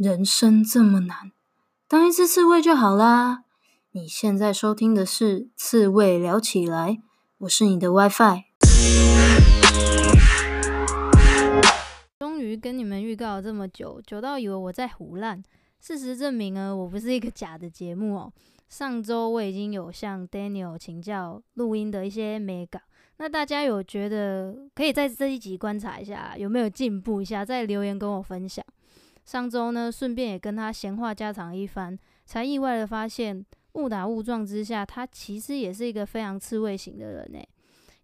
人生這麼難，當一次刺蝟就好啦。你現在收聽的是《刺蝟聊起來》，我是你的 WiFi。Fi、終於跟你們預告了這麼久，久到以為我在胡亂。事實證明呢，我不是一個假的節目哦。上周我已經有向 Daniel 請教錄音的一些美感。那大家有覺得可以在這一集觀察一下，有沒有進步一下，再留言跟我分享。上週呢，順便也跟他閒話家常一番，才意外的發現，誤打誤撞之下，他其實也是一個非常刺蝟型的人誒、欸。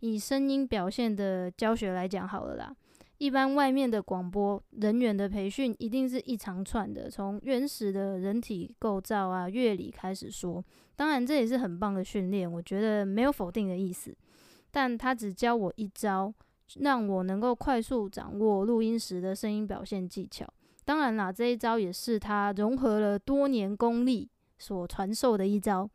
以聲音表現的教學來講好了啦，一般外面的廣播人員的培訓一定是一長串的，從原始的人體構造啊、樂理開始說。當然，這也是很棒的訓練，我覺得沒有否定的意思。但他只教我一招，讓我能夠快速掌握錄音時的聲音表現技巧。當然啦，這一招也是他融合了多年功力所傳授的一招。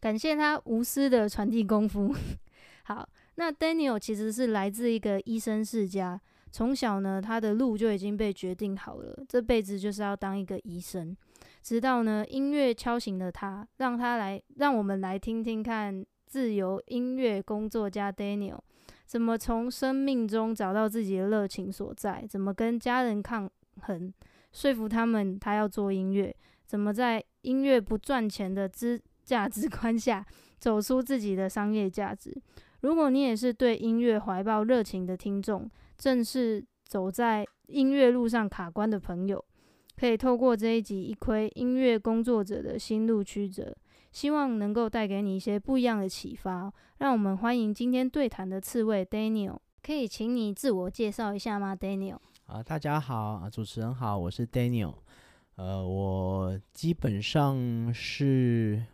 感謝他無私的傳遞功夫。 好，那 Daniel 其實是來自一個醫生世家，從小呢，他的路就已經被決定好了，這輩子就是要當一個醫生。直到呢，音樂敲醒了他，讓他來，讓我們來聽聽看自由音樂工作家 Daniel 怎麼從生命中找到自己的熱情所在？怎麼跟家人抗衡，說服他們，他要做音樂，怎麼在音樂不賺錢的資價值觀下，走出自己的商業價值？如果你也是對音樂懷抱熱情的聽眾，正是走在音樂路上卡關的朋友，可以透過這一集一窺音樂工作者的心路曲折，希望能夠帶給你一些不一樣的啟發。讓我們歡迎今天對談的刺蝟 Daniel，可以請你自我介紹一下嗎，Daniel？啊，大家好啊，主持人好，我是 Daniel。呃，我基本上是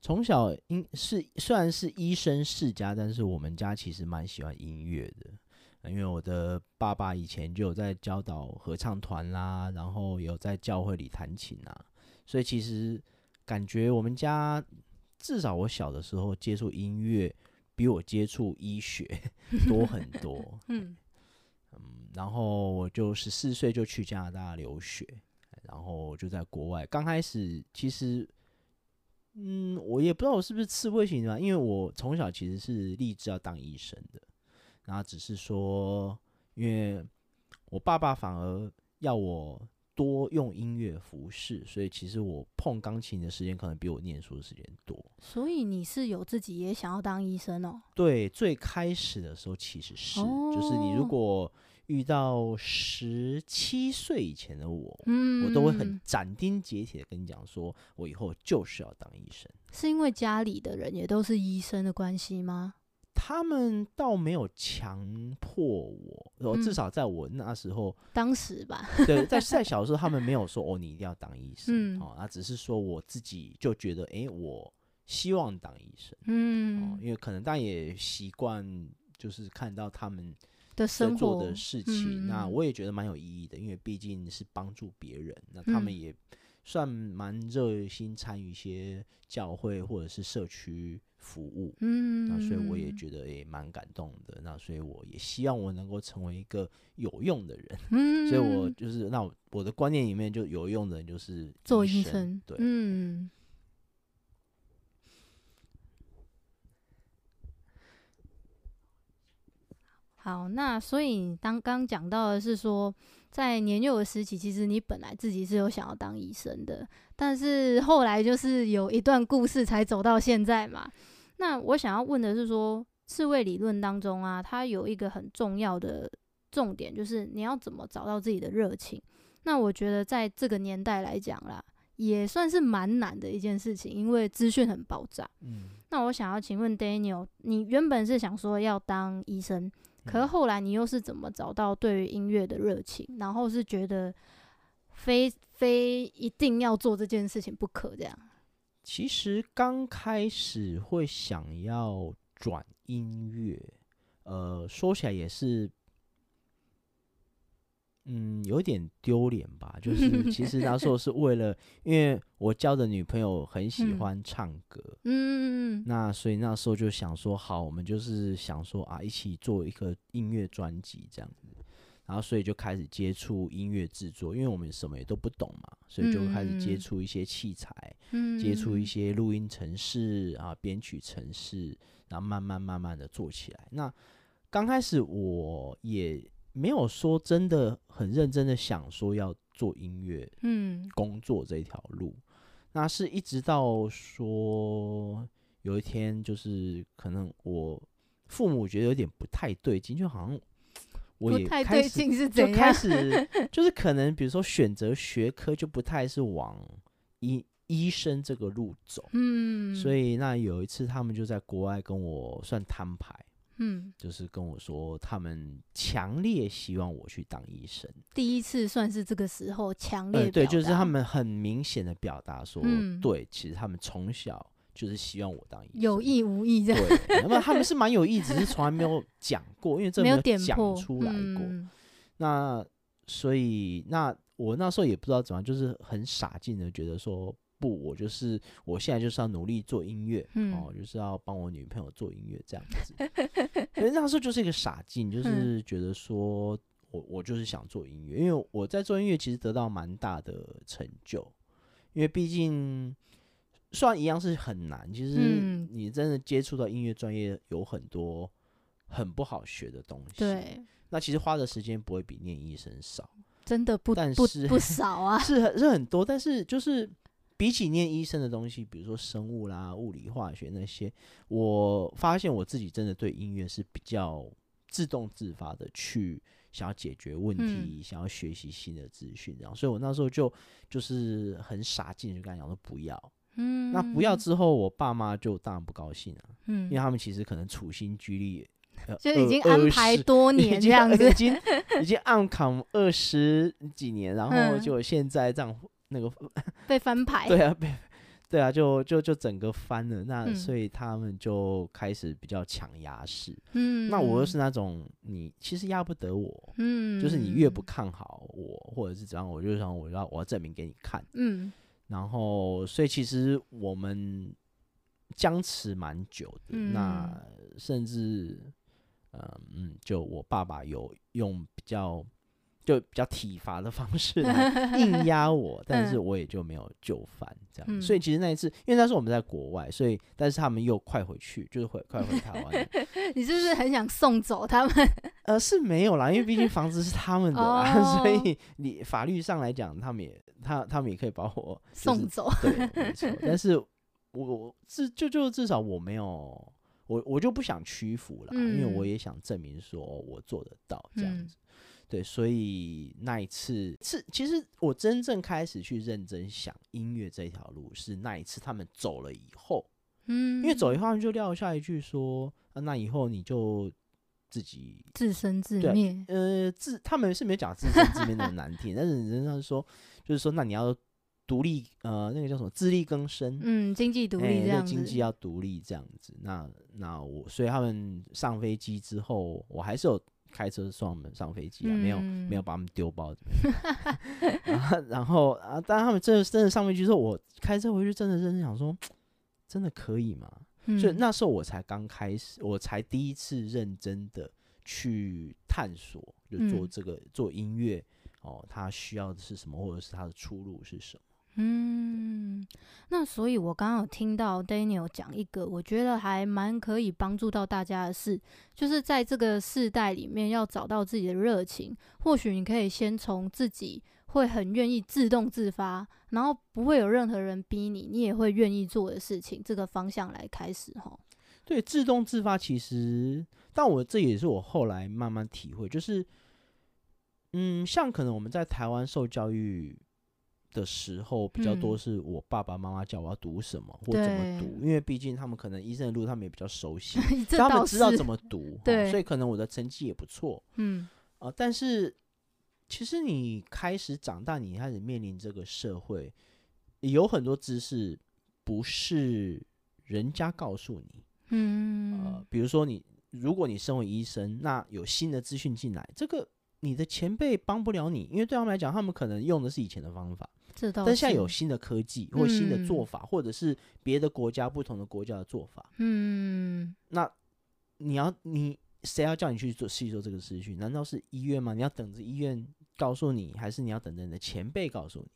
從小，應是雖然是醫生世家，但是我們家其實蠻喜歡音樂的，因為我的爸爸以前就有在教導合唱團啦，啊，然後有在教會裡彈琴啊，所以其實感覺我們家至少我小的時候接觸音樂比我接觸醫學多很多。 嗯。然後我就十四歲就去加拿大留學，然後就在國外。剛開始其實，嗯，我也不知道我是不是刺蝟型的，因為我從小其實是立志要當醫生的。然後只是說，因為我爸爸反而要我多用音樂服飾，所以其實我碰鋼琴的時間可能比我念書的時間多。所以你是有自己也想要當醫生哦？對，最開始的時候其實是，哦、就是你如果。遇到十七歲以前的我，嗯，我都會很斬釘截鐵的跟你講，說我以後就是要當醫生。是因為家裡的人也都是醫生的關係嗎？他們倒沒有強迫我，嗯、至少在我那時候，當時吧，對，在在小時候，他們沒有說 哦，你一定要當醫生，嗯、哦，那只是說我自己就覺得，哎、欸，我希望當醫生，嗯，哦，因為可能但大也習慣，就是看到他們，在做的事情，嗯、那我也覺得蠻有意義的，因為畢竟是幫助別人，那他們也算蠻熱心參與一些教會或者是社區服務，嗯，那所以我也覺得也蠻感動的，那所以我也希望我能夠成為一個有用的人，嗯， 所以我就是那我的觀念裡面就有用的人就是醫生，做醫生，對，嗯好，那所以你剛剛講到的是說，在年幼的時期，其實你本來自己是有想要當醫生的，但是後來就是有一段故事才走到現在嘛。那我想要問的是說，刺蝟理論當中啊，它有一個很重要的重點，就是你要怎麼找到自己的熱情。那我覺得在這個年代來講啦，也算是蠻難的一件事情，因為資訊很爆炸。嗯，那我想要請問 Daniel，你原本是想說要當醫生？可是後來你又是怎麼找到對於音樂的熱情？然後是覺得非非一定要做這件事情不可這樣？其實剛開始會想要轉音樂，呃，說起來也是。嗯，有點丟臉吧，就是其實那時候是為了， 因為我交的女朋友很喜歡唱歌，嗯，嗯，那所以那時候就想說，好，我們就是想說啊，一起做一個音樂專輯這樣子，然後所以就開始接觸音樂製作，因為我們什麼也都不懂嘛，所以就開始接觸一些器材，嗯、接觸一些錄音程式啊，編曲程式，然後慢慢慢慢的做起來。那剛開始我也。沒有說真的很認真的想說要做音樂，嗯，工作這條路，嗯、那是一直到說有一天就是可能我父母覺得有點不太對勁，就好像我也開始就開始，就是可能比如說選擇學科就不太是往醫、嗯、醫生這個路走，嗯，所以那有一次他們就在國外跟我算攤牌。嗯，就是跟我說，他們強烈希望我去當醫生。第一次算是這個時候強烈、呃，對，就是他們很明顯的表達說，嗯、對，其實他們從小就是希望我當醫生，有意無意這樣，對，沒有，他們是蠻有意，只是從來沒有講過，因為這沒有點出來過。嗯、那所以那我那時候也不知道怎麼，就是很傻勁的覺得說。不，我就是我現在就是要努力做音樂，嗯、哦，就是要幫我女朋友做音樂這樣子。 那時候就是一個傻勁，就是覺得說、嗯、我我就是想做音樂，因為我在做音樂其實得到蠻大的成就，因為畢竟雖然、嗯、一樣是很難，其實你真的接觸到音樂專業有很多很不好學的東西。對那其實花的時間不會比念醫生少，真的不但是不,不少啊， 是是很多，但是就是。比起念醫生的東西，比如說生物啦、物理化學那些，我發現我自己真的對音樂是比較自動自發的去想要解決問題，嗯、想要學習新的資訊，然後，所以我那時候就就是很傻勁，就跟他講說不要。嗯，那不要之後，我爸媽就當然不高興了、啊。嗯、因為他們其實可能處心積慮，就已經安排多年這樣子，已經已經暗扛二十幾年，然後就現在這樣。嗯那個 被翻牌 對、啊被，對啊，被對啊，就就就整個翻了。那、嗯、所以他們就開始比較強壓式。嗯，那我又是那種、嗯、你其實壓不得我，嗯，就是你越不看好我，或者是怎樣，我就想我要我要證明給你看。嗯，然後所以其實我們僵持蠻久的，嗯、那甚至嗯、呃，就我爸爸有用比較。就比較體罰的方式，來硬壓我， 但是我也就沒有就範這樣。嗯、所以其實那一次，因為那時候我們在國外，所以但是他們又快回去，就是回快回台灣。 你是不是很想送走他們？呃，是沒有啦，因為畢竟房子是他們的啦， 哦、所以你法律上來講，他們也他他們也可以把我、就是、送走。 對，沒錯，但是我至就就至少我沒有，我我就不想屈服了，嗯、因為我也想證明說我做得到這樣子。嗯對，所以那一次是其實我真正開始去認真想音樂這條路，是那一次他們走了以後，嗯，因為走以後他們就撂下一句說，啊、那以後你就自己自生自滅，呃，自他們是沒有講自生自滅的難聽， 但是人家就說就是說那你要獨立，呃，那個叫什麼自力更生，嗯，經濟獨立、欸、經濟要獨立這樣子。那那我所以他們上飛機之後，我還是有。開車送我們上飛機啊，沒有沒有把他們丟包，嗯 啊。然後啊，當他們真的真的上飛機之後，我開車回去，真的真的想說，真的可以嗎？嗯，所以那時候我才剛開始，我才第一次認真的去探索，就做這個做音樂，嗯，哦，他需要的是什麼，或者是他的出路是什麼。嗯，那所以，我剛剛有聽到 Daniel 講一個，我覺得還蠻可以幫助到大家的事，就是在這個世代裡面要找到自己的熱情，或許你可以先從自己會很願意自動自發，然後不會有任何人逼你，你也會願意做的事情這個方向來開始，對，自動自發，其實，但我這也是我後來慢慢體會，就是，嗯，像可能我們在台灣受教育。的時候比較多，是我爸爸媽媽叫我要讀什麼、嗯、或怎麼讀，對因為畢竟他們可能醫生的路他們也比較熟悉， 倒是 他們知道怎麼讀，對、嗯，所以可能我的成績也不錯，嗯啊、呃，但是其實你開始長大，你開始面臨這個社會，有很多知識不是人家告訴你，嗯、呃、比如說你如果你身為醫生，那有新的資訊進來，這個你的前輩幫不了你，因為對他們來講，他們可能用的是以前的方法。但現在有新的科技，或新的做法，嗯、或者是別的國家、不同的國家的做法。嗯，那你要你誰要叫你去做吸收這個資訊？難道是醫院嗎？你要等着醫院告訴你，還是你要等着你的前輩告訴你？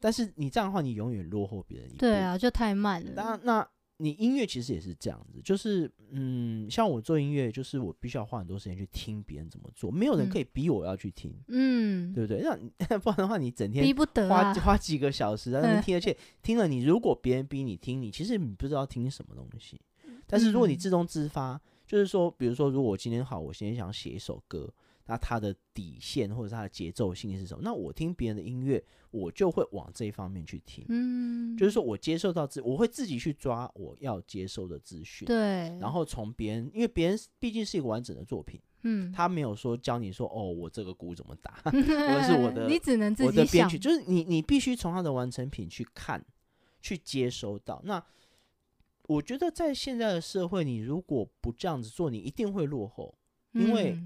但是你這樣的話，你永遠落後別人一步。對啊，就太慢了。那那。那你音樂其實也是這樣子，就是嗯，像我做音樂，就是我必須要花很多時間去聽別人怎麼做，沒有人可以逼我要去聽，嗯，嗯對不對？那不然的話，你整天逼不得、啊，花花幾個小時在那邊、嗯、聽，而且聽了你，如果別人逼你聽你，你其實你不知道聽什麼東西。但是如果你自動自發，嗯、就是說，比如說，如果我今天好，我今天想寫一首歌。那他的底線或者他的節奏性是什麼？那我聽別人的音樂，我就會往這一方面去聽。嗯，就是說我接受到自，我會自己去抓我要接收的資訊。對。然後從別人，因為別人畢竟是一個完整的作品，嗯，他沒有說教你說哦，我這個鼓怎麼打，嗯、或者是我的 你只能自己的編曲，想就是你你必須從他的完成品去看，去接收到。那我覺得在現在的社會，你如果不這樣子做，你一定會落後，嗯、因為。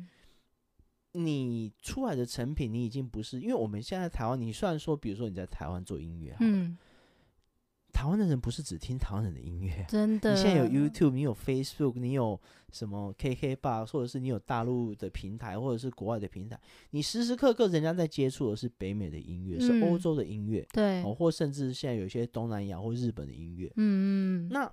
你出來的成品，你已經不是因為我們現在，在台灣，你雖然說，比如說你在台灣做音樂，嗯，台灣的人不是只聽台灣人的音樂，真的。你現在有 YouTube，你有 Facebook，你有什麼 KKBOX，或者是你有大陸的平台，或者是國外的平台，你時時刻刻人家在接觸的是北美的音樂，嗯、是歐洲的音樂，對、哦，或甚至現在有一些東南亞或日本的音樂，嗯嗯。那，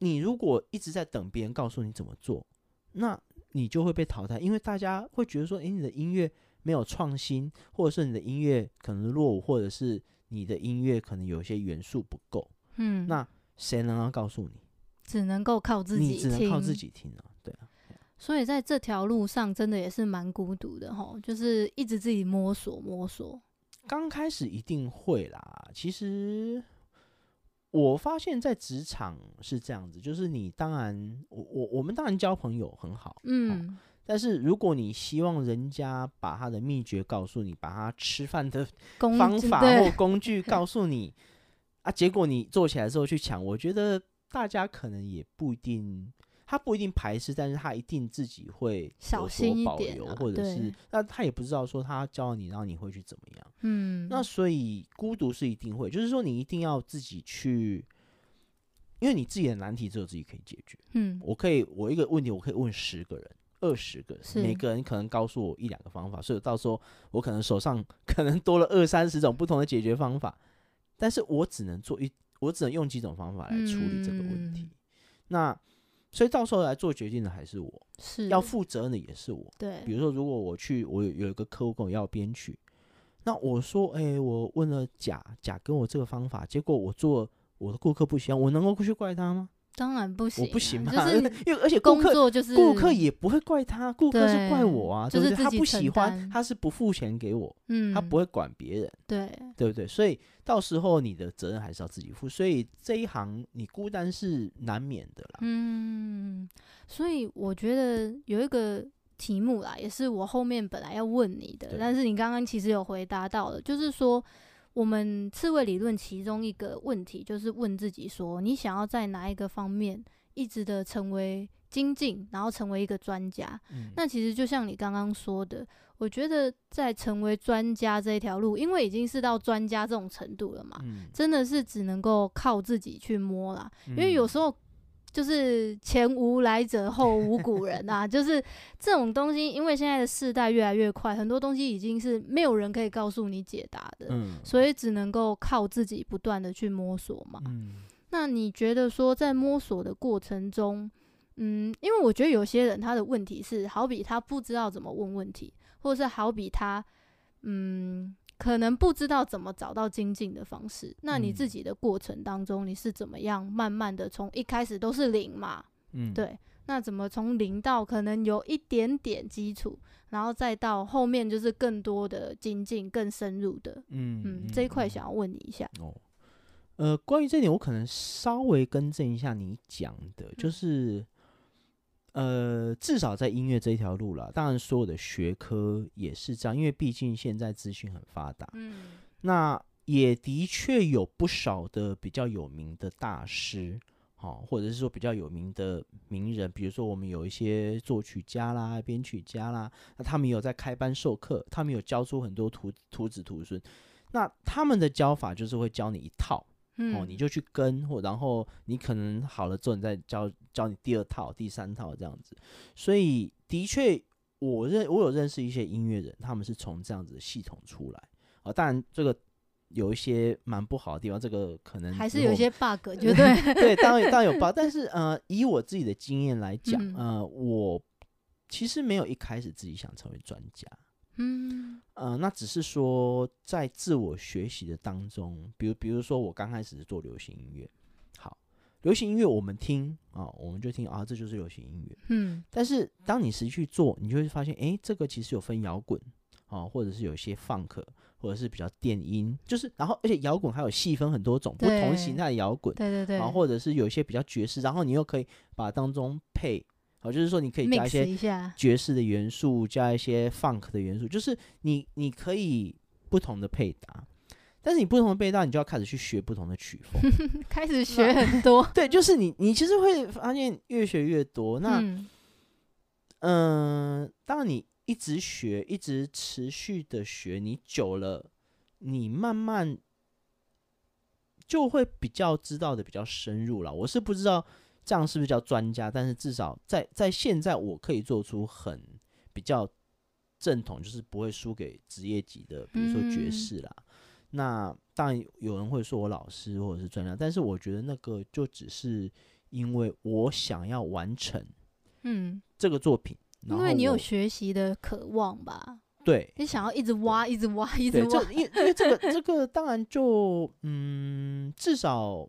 你如果一直在等別人告訴你怎麼做，那。你就會被淘汰，因為大家會覺得說：“誒、欸，你的音樂沒有創新，或者是你的音樂可能落伍，或者是你的音樂可能有些元素不夠。”嗯，那誰能夠告訴你？只能夠靠自己，你只能靠自己聽啊？對啊，對啊。所以在這條路上真的也是蠻孤獨的吼，就是一直自己摸索摸索。剛開始一定會啦，其實。我發現，在職場是這樣子，就是你當然，我我我們當然交朋友很好，嗯、啊，但是如果你希望人家把他的祕訣告訴你，把他吃飯的工方法或工具告訴你，對啊，結果你做起來之後去搶，我覺得大家可能也不一定。他不一定排斥，但是他一定自己會有所保留，啊、或者是那他對也不知道說他教你，然後你會去怎麼樣？嗯，那所以孤獨是一定會，就是說你一定要自己去，因為你自己的難題只有自己可以解決。嗯，我可以，我一個問題我可以問十個人、二十個人，是每個人可能告訴我一兩個方法，所以到時候我可能手上可能多了二三十種不同的解決方法，但是我只能做一，我只能用幾種方法來處理這個問題。嗯、那。所以到時候來做決定的還是我，是要負責任的也是我。對，比如說如果我去，我有一個客戶跟我要編曲，那我說，哎、欸，我問了甲，甲跟我這個方法，結果我做我的顧客不喜歡，我能夠過去怪他嗎？當然不行、啊，我不行嘛，因為而且工作就是顧客也不會怪他，顧客是怪我啊，對對對，就是他不喜歡，他是不付錢給我，嗯，他不會管別人，對，對不對？所以到時候你的責任還是要自己負，所以這一行你孤單是難免的啦，嗯，所以我覺得有一個題目啦，也是我後面本來要問你的，對但是你剛剛其實有回答到的就是說。我們刺蝟理論其中一個問題就是問自己說：你想要在哪一個方面一直的成為精進，然後成為一個專家？嗯、那其實就像你剛剛說的，我覺得在成為專家這一條路，因為已經是到專家這種程度了嘛，嗯、真的是只能夠靠自己去摸啦，因為有時候。嗯就是前無來者，後無古人吶、啊。 就是這種東西，因為現在的世代越來越快，很多東西已經是沒有人可以告訴你解答的，所以只能夠靠自己不斷的去摸索嘛。那你覺得說在摸索的過程中，嗯，因為我覺得有些人他的問題是，好比他不知道怎麼問問題，或者是好比他，嗯。可能不知道怎麼找到精進的方式。那你自己的過程當中，嗯、你是怎麼樣慢慢的從一開始都是零嘛？嗯，對。那怎麼從零到可能有一點點基礎，然後再到後面就是更多的精進、更深入的？嗯嗯，這一塊想要問你一下。嗯啊、哦，呃，關於這點，我可能稍微更正一下你，你講的就是。呃，至少在音樂這一條路啦，當然所有的學科也是這樣，因為畢竟現在資訊很發達。嗯，那也的確有不少的比較有名的大師，好、哦，或者是說比較有名的名人，比如說我們有一些作曲家啦、編曲家啦，那他們有在開班授課，他們有教出很多徒徒子徒孫，那他們的教法就是會教你一套。哦，你就去跟，或然後你可能好了之後，你再教教你第二套、第三套這樣子。所以的確，我認我有認識一些音樂人，他們是從這樣子的系統出來啊。當然、哦、這個有一些蠻不好的地方，這個可能還是有些 bug，對、嗯、對，當然當然有 bug。 但是呃，以我自己的經驗來講，嗯、呃，我其實沒有一開始自己想成為專家。嗯、呃，那只是說在自我學習的當中，比如，比如說我剛開始是做流行音樂，好，流行音樂我們聽啊，我們就聽啊，這就是流行音樂，嗯。但是當你實際去做，你就會發現，哎、欸，這個其實有分搖滾啊，或者是有一些放克，或者是比較電音，就是，然後而且搖滾還有細分很多種對不同形態的搖滾，對對對，或者是有一些比較爵士，然後你又可以把當中配。好，就是說你可以加一些爵士的元素，加一些 funk 的元素，就是你你可以不同的配搭，但是你不同的配搭，你就要開始去學不同的曲風， 開始學很多。對，就是你你其實會發現越學越多。那嗯、呃，當你一直學，一直持續的學，你久了，你慢慢就會比較知道的比較深入了。我是不知道。這樣是不是叫專家？但是至少在在現在，我可以做出很比較正統，就是不會輸給職業級的，比如說爵士啦。嗯、那當然有人會說我老師或者是專家，但是我覺得那個就只是因為我想要完成，嗯，這個作品，嗯、因為你有學習的渴望吧？對，你想要一直挖，對一直挖，一直挖，因為這個 這個當然就嗯，至少。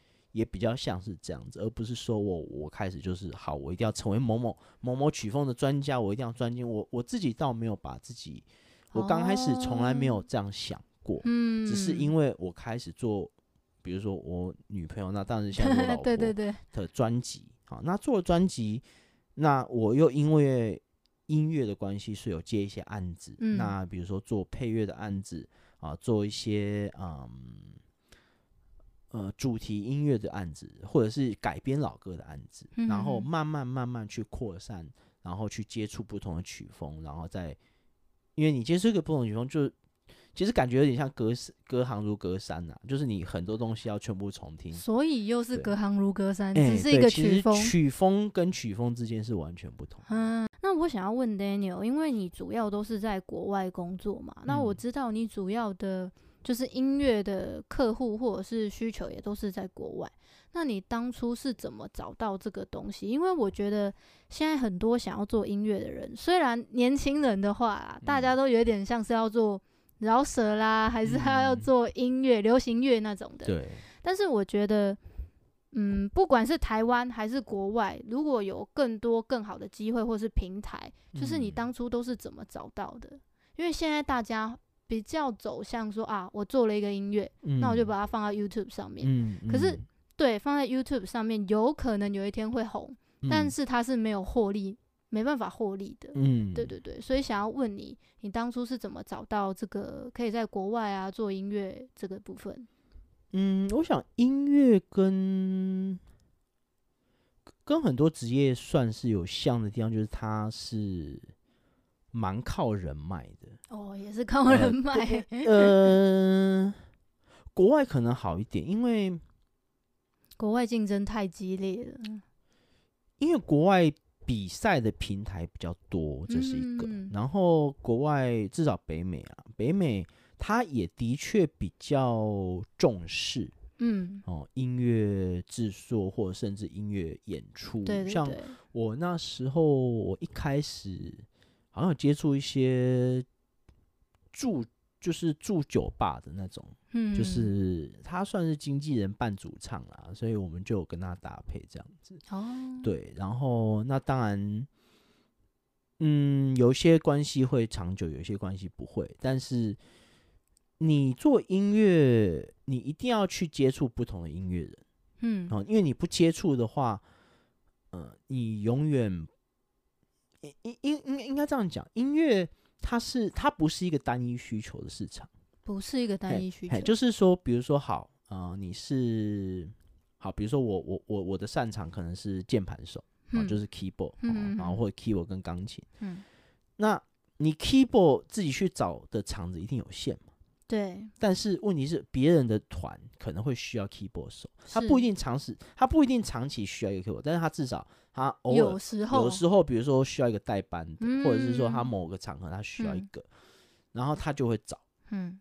也比較像是這樣子，而不是說我我開始就是好，我一定要成為某某某某曲風的專家，我一定要專精我我自己倒沒有把自己，哦、我剛開始從來沒有這樣想過，嗯、只是因為我開始做，比如說我女朋友那當然像是我老婆的專輯，好 對、啊，那做了專輯，那我又因為音樂的關係是有接一些案子，嗯、那比如說做配樂的案子啊，做一些嗯。呃，主題音樂的案子，或者是改編老歌的案子，嗯、然後慢慢慢慢去擴散，然後去接觸不同的曲風，然後再因為你接觸一個不同的曲風就，就其實感覺有點像隔隔行如隔山吶、啊，就是你很多東西要全部重聽，所以又是隔行如隔山，對只是一個曲風，欸、曲風跟曲風之間是完全不同。嗯，那我想要問 Daniel，因為你主要都是在國外工作嘛，那我知道你主要的。就是音樂的客戶或者是需求也都是在國外。那你當初是怎麼找到這個東西？因為我覺得現在很多想要做音樂的人，雖然年輕人的話，大家都有點像是要做饒舌啦，嗯、還是他要做音樂、嗯、流行樂那種的。對。但是我覺得，嗯，不管是台灣還是國外，如果有更多更好的機會或是平台，就是你當初都是怎麼找到的？嗯、因為現在大家。比較早想說啊，我做了一個音樂，嗯、那我就把它放在 YouTube 上面。嗯嗯、可是，對，放在 YouTube 上面有可能有一天會紅，嗯、但是他是沒有獲利，沒辦法獲利的。嗯，對對對。所以想要問你，你當初是怎麼找到這個可以在國外啊做音樂這個部分？嗯，我想音樂跟跟很多職業算是有像的地方，就是它是。蠻靠人脈的哦，也是靠人脈。嗯、呃呃，國外可能好一點，因為國外競爭太激烈了。因為國外比賽的平台比較多，這是一個。嗯嗯嗯，然後國外至少北美啊，北美它也的確比較重視，嗯哦，音樂製作或者甚至音樂演出。對對對，像我那時候，我一開始。好像有接觸一些駐，就是駐酒吧的那種，嗯，就是他算是經紀人辦主唱啦，所以我們就有跟他搭配這樣子哦，對，然後那當然，嗯，有些關係會長久，有些關係不會，但是你做音樂，你一定要去接觸不同的音樂人，嗯，哦，因為你不接觸的話，呃，你永遠。應應應應該這樣講，音樂它是它不是一個單一需求的市場，不是一個單一需求。欸欸、就是說，比如說好啊、呃，你是好，比如說我我我我的擅長可能是鍵盤手啊，嗯、就是 keyboard，然後或者 keyboard 跟鋼琴。嗯，那你 keyboard 自己去找的場子一定有限嘛。對，但是問題是別人的團可能會需要 keyboard 手，是他不一定長時，他不一定長期需要一個 keyboard，但是他至少他偶爾有時候，有時候比如說需要一個代班的，嗯、或者是說他某個場合他需要一個，嗯、然後他就會找，嗯，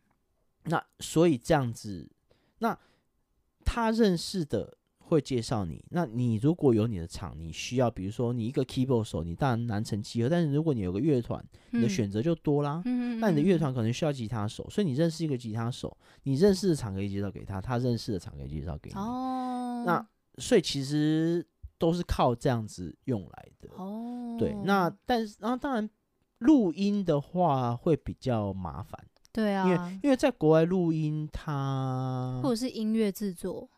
那所以這樣子，那他認識的。會介紹你。那你如果有你的場，你需要，比如說你一個 keyboard 手，你當然難成氣候。但是如果你有個樂團，你的選擇就多啦。那、嗯、你的樂團可能需要吉他手，所以你認識一個吉他手，你認識的場可以介紹給他，他認識的場可以介紹給你。哦。那所以其實都是靠這樣子用來的。哦。對。那但是，然、啊、當然錄音的話會比較麻煩。對啊。因為因為在國外錄音它，它或者是音樂制作。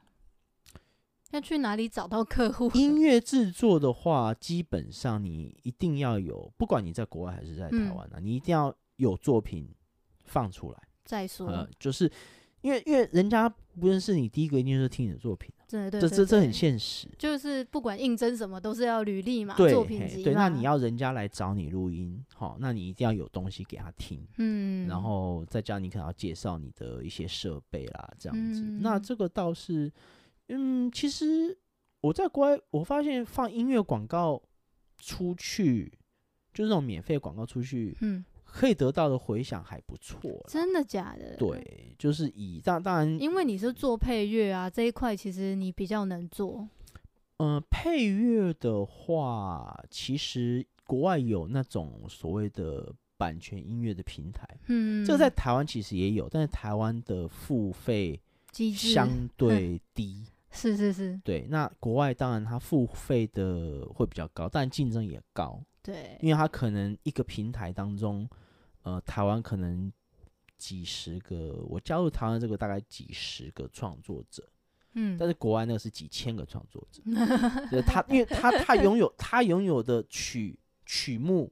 要去哪裡找到客戶？音樂製作的話，基本上你一定要有，不管你在國外還是在台灣呢、啊，嗯、你一定要有作品放出來再說、嗯。就是因為，因為人家不認識你，第一個一定是聽你的作品、啊。對對，對,對，這這這很現實。就是不管應徵什麼，都是要履歷嘛，對作品集嘛，對，那你要人家來找你錄音，好，那你一定要有東西給他聽。嗯，然後再加上你可能要介紹你的一些設備啦，這樣子。嗯、那這個倒是。嗯，其實我在國外，我發現放音樂廣告出去，就是那種免費廣告出去，嗯，可以得到的回響還不錯。真的假的？對，就是以當，當然，因為你是做配樂啊、嗯、這一塊，其實你比較能做。嗯、呃，配樂的話，其實國外有那種所謂的版權音樂的平台，嗯，這個在台灣其實也有，但是台灣的付費相對機制、嗯、相對低。是是是，對，那國外當然他付費的會比較高，但競爭也高，對，因為他可能一個平台當中，呃，台灣可能幾十個，我加入台灣這個大概幾十個創作者，嗯，但是國外那個是幾千個創作者，嗯，就是他因為他他擁有他擁有的曲曲目，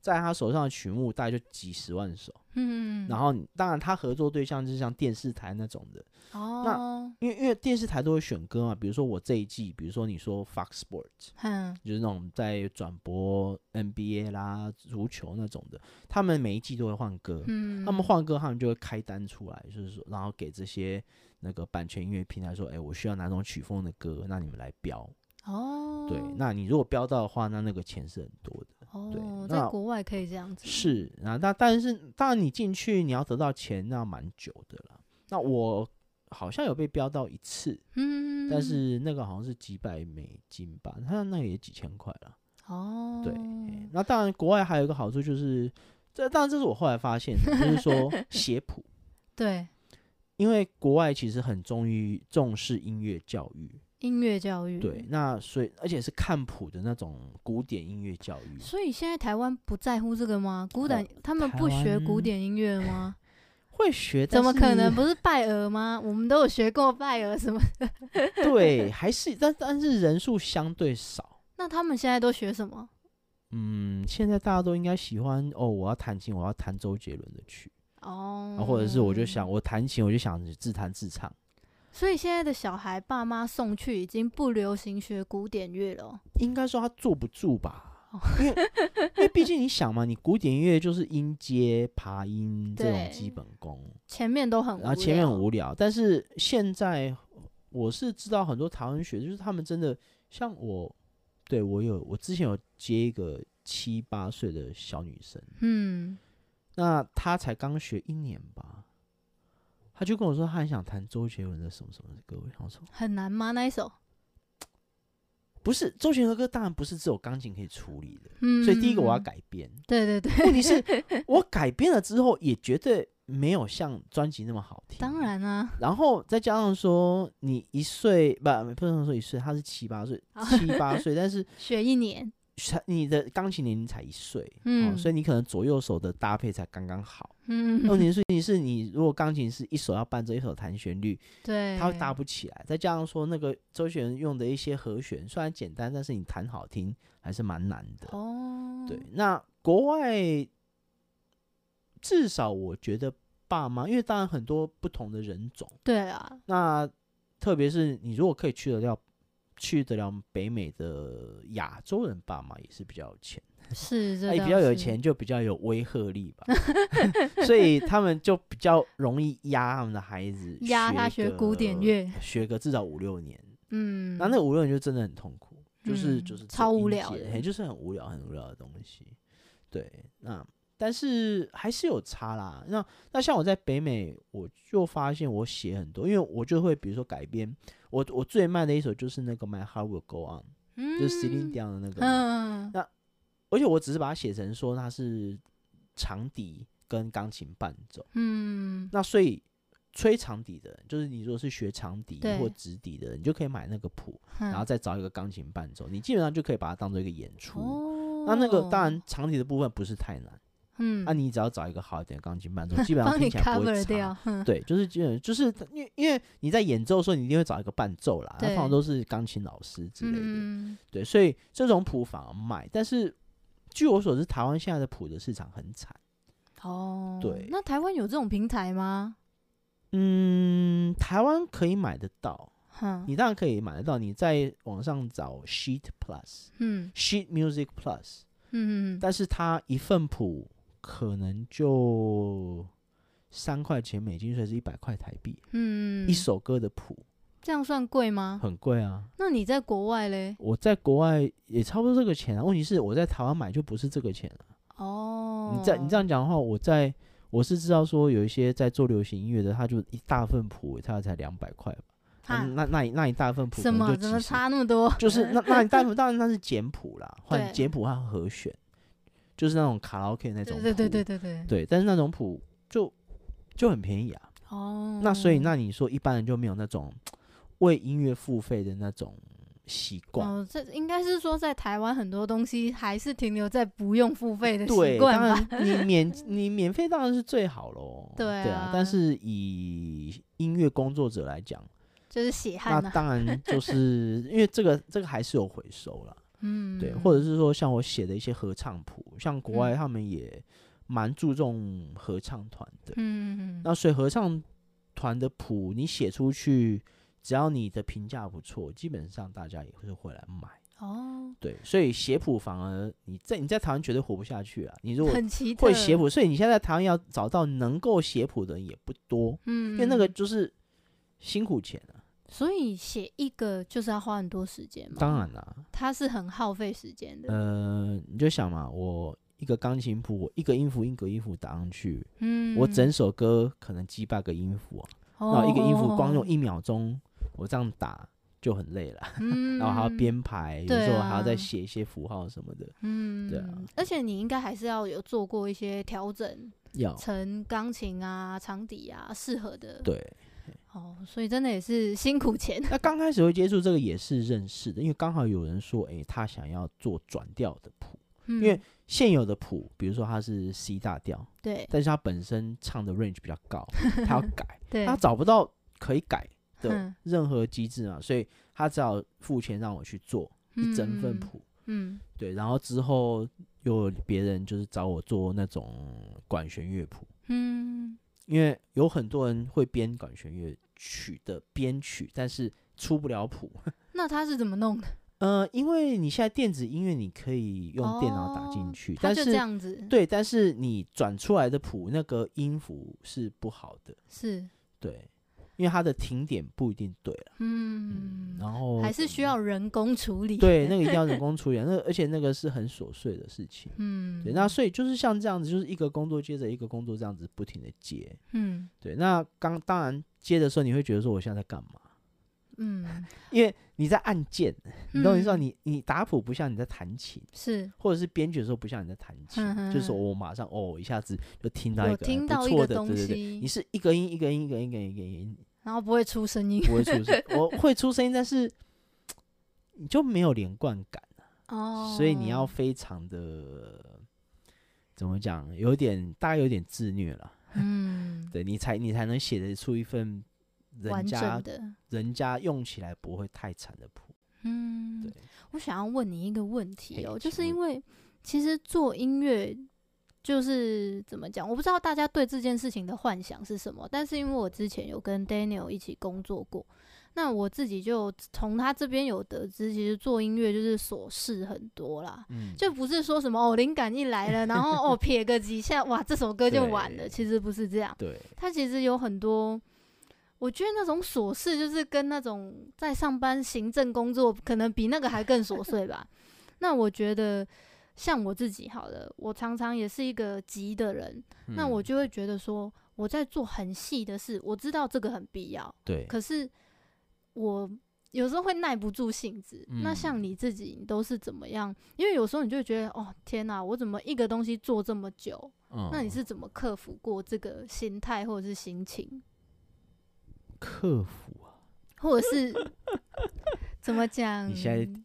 在他手上的曲目大概就幾十萬首。嗯， 然後當然他合作對象就是像電視台那種的。哦，oh. 那因為因為電視台都會選歌嘛，比如說我這一季，比如說你說 Fox Sports， 就是那種在轉播 NBA 啦、足球那種的，他們每一季都會換歌。嗯，那麼換歌他們就會開單出來，就是說，然後給這些那個版權音樂平台說，哎，我需要哪種曲風的歌，那你們來標。哦，oh. 對，那你如果標到的話，那那個錢是很多的。對哦，那在國外可以這樣子。是、啊、那但是當然你進去你要得到錢，那蠻久的了。那我好像有被標到一次，嗯、但是那個好像是幾百美金吧，那那也幾千塊了。哦，對，那當然國外還有一個好處就是，這當然這是我後來發現的， 就是說寫譜， 對，因為國外其實很重於重視音樂教育。音樂教育對，那所以而且是看譜的那種古典音樂教育。所以現在台灣不在乎這個嗎？古典，呃、他們不學古典音樂嗎？會學？怎麼可能？不是拜爾嗎？我們都有學過拜爾什麼的。對，還是但但是人數相對少。 那他們現在都學什麼？嗯，現在大家都應該喜歡哦，我要彈琴，我要彈周杰倫的曲哦，oh、或者是我就想我彈琴，我就想自彈自唱。所以現在的小孩，爸媽送去已經不流行學古典樂了。應該說他坐不住吧， 因為因為畢竟你想嘛，你古典音樂就是音階、爬音這種基本功，前面都很啊，前面很無聊。但是現在我是知道很多台灣學，就是他們真的像我，對，我有，我之前有接一個七八歲的小女生，嗯，那她才剛學一年吧。他就跟我說，他很想彈周杰倫的什麼什麼的歌，我想說很難嗎？那一首不是周杰倫的歌，當然不是只有鋼琴可以處理的，嗯、所以第一個我要改編、嗯，對對對，問題事你是我改編了之後，也絕對沒有像專輯那麼好聽。當然啊，然後再加上說，你一歲不不能說一歲，他是七八歲，好七八歲，但是學一年。你的鋼琴年齡才一歲，嗯，嗯，所以你可能左右手的搭配才剛剛好。嗯哼，問題是你是你如果鋼琴是一手要伴奏一手彈旋律，對，它會搭不起來。再加上說那個周杰倫用的一些和弦雖然簡單，但是你彈好聽還是蠻難的。哦，對，那國外至少我覺得爸媽，因為當然很多不同的人種，對啊，那特別是你如果可以去得掉。去得了北美的亞洲人爸媽也是比較有錢，是， 也比較有錢是就比較有威懾力吧， 所以他們就比較容易壓他們的孩子，壓他學古典樂，學個至少五六年，嗯，那那五六年就真的很痛苦，就是、嗯、就是超無聊，就是很無聊很無聊的東西，對，那但是還是有差啦，那那像我在北美，我就發現我寫很多，因為我就會比如說改編。我我最慢的一首就是那個 My Heart Will Go On，、嗯、就是 Celine Dion 的那個那。嗯、那而且我只是把它寫成說它是長笛跟鋼琴伴奏。嗯、那所以吹長笛的人，就是你如果是學長笛或直笛的人，對你就可以買那個譜，然後再找一個鋼琴伴奏，嗯、你基本上就可以把它當做一個演出。哦、那那個當然長笛的部分不是太難。嗯，那你只要找一個好一點的鋼琴伴奏，基本上聽起來不會差。對，就是就就是因為因為你在演奏的時候，你一定會找一個伴奏啦。對，通常都是鋼琴老師之類的。嗯。對，所以這種譜反而賣，但是據我所知，台灣現在的譜的市場很慘。哦。對。那台灣有這種平台嗎？嗯，台灣可以買得到。哼。你當然可以買得到，你在網上找 Sheet Plus，嗯，Sheet Music Plus，嗯嗯。但是它一份譜。可能就三塊錢美金，所以是一百塊台幣。嗯，一首歌的譜，這樣算貴嗎？很貴啊。那你在國外嘞？我在國外也差不多這個錢啊。問題是我在台灣買就不是這個錢了，啊。哦，oh. 你在你這樣講的話，我在我是知道說有一些在做流行音樂的，他就一大份譜，他才兩百塊吧？他、啊、那那那一大份譜怎麼怎麼差那麼多？就是那那你大份 當然那是簡譜啦，換簡譜和和弦。就是那種卡拉 OK 的那種譜，對對對對對對。對，但是那種譜就就很便宜啊。哦。那所以，那你說一般人就沒有那種為音樂付費的那種習慣？哦，這應該是說，在台灣很多東西還是停留在不用付費的習慣。對，你，你免你免費當然是最好嘍。對啊。對啊，但是以音樂工作者來講，就是血汗。那當然，就是因為這個，這個還是有回收了。嗯，對，或者是說像我寫的一些合唱譜，像國外他們也蠻注重合唱團的。嗯嗯嗯。那所以合唱團的譜你寫出去，只要你的評價不錯，基本上大家也是會來買。哦。對，所以寫譜反而你在你在台灣絕對活不下去啊，你如果會寫譜，所以你現在在台灣要找到能夠寫譜的人也不多。嗯。因為那個就是辛苦錢啊。所以寫一個就是要花很多時間嘛？當然啦，它是很耗費時間的。呃，你就想嘛，我一個鋼琴譜，我一個音符一個音符打上去，嗯，我整首歌可能幾百個音符，然後一個音符光用一秒鐘，我這樣打就很累了。然後還要編排，有時候還要再寫一些符號什麼的。嗯，對啊。而且你應該還是要有做過一些調整，要成鋼琴啊、長笛啊適合的。對。哦，oh, 所以真的也是辛苦錢。那剛開始會接觸這個也是認識的，因為剛好有人說，誒、欸，他想要做轉調的譜，嗯、因為現有的譜，比如說他是 C 大調，對，但是他本身唱的 range 比較高，他要改， 對他找不到可以改的任何機制嘛，嗯，所以他只好付錢讓我去做一整份譜，嗯，嗯，對，然後之後又有別人就是找我做那種管弦樂譜，嗯。因為有很多人會編管弦樂曲的編曲，但是出不了譜。那他是怎麼弄的？呃，因為你現在電子音樂，你可以用電腦打進去，oh, 但是他就這樣子。對，但是你轉出來的譜，那個音符是不好的。是，對。因為它的停點不一定對了，嗯，然後還是需要人工處理，對，那個一定要人工處理，那而且那個是很瑣碎的事情，嗯，對，那所以就是像這樣子，就是一個工作接着一個工作這樣子不停的接，嗯，對，那剛當然接的時候你會覺得說我現在在幹嘛？嗯，因為你在按鍵，你懂我意思嗎？你你打譜不像你在彈琴，是，或者是編曲的時候不像你在彈琴，就是我馬上哦一下子就聽到一個錯的，對對你是一個音一個音一個音一個音。然後不會出聲音，不會出聲， 我會出聲音，但是你就沒有連貫感哦，所以你要非常的怎麼講，有點大概有點自虐了。嗯， 對你才你才能寫得出一份人家的，人家用起來不會太慘的譜。嗯，對，我想要問你一個問題哦、喔，就是因為其實做音樂。就是怎麼講，我不知道大家對這件事情的幻想是什麼，但是因為我之前有跟 Daniel 一起工作過，那我自己就從他這邊有得知，其實做音樂就是瑣事很多啦，嗯、就不是說什麼哦靈感一來了，然後 哦撇個幾下，哇這首歌就完了，對其實不是這樣。對，他其實有很多，我覺得那種瑣事就是跟那種在上班行政工作可能比那個還更瑣碎吧。 那我覺得。像我自己好了，我常常也是一個急的人，嗯、那我就會覺得說我在做很細的事，我知道這個很必要，對。可是我有時候會耐不住性子。嗯、那像你自己，你都是怎麼樣？因為有時候你就會覺得哦，天哪，我怎麼一個東西做這麼久？哦、那你是怎麼克服過這個心態或者是心情？克服啊，或者是 怎麼講？你現在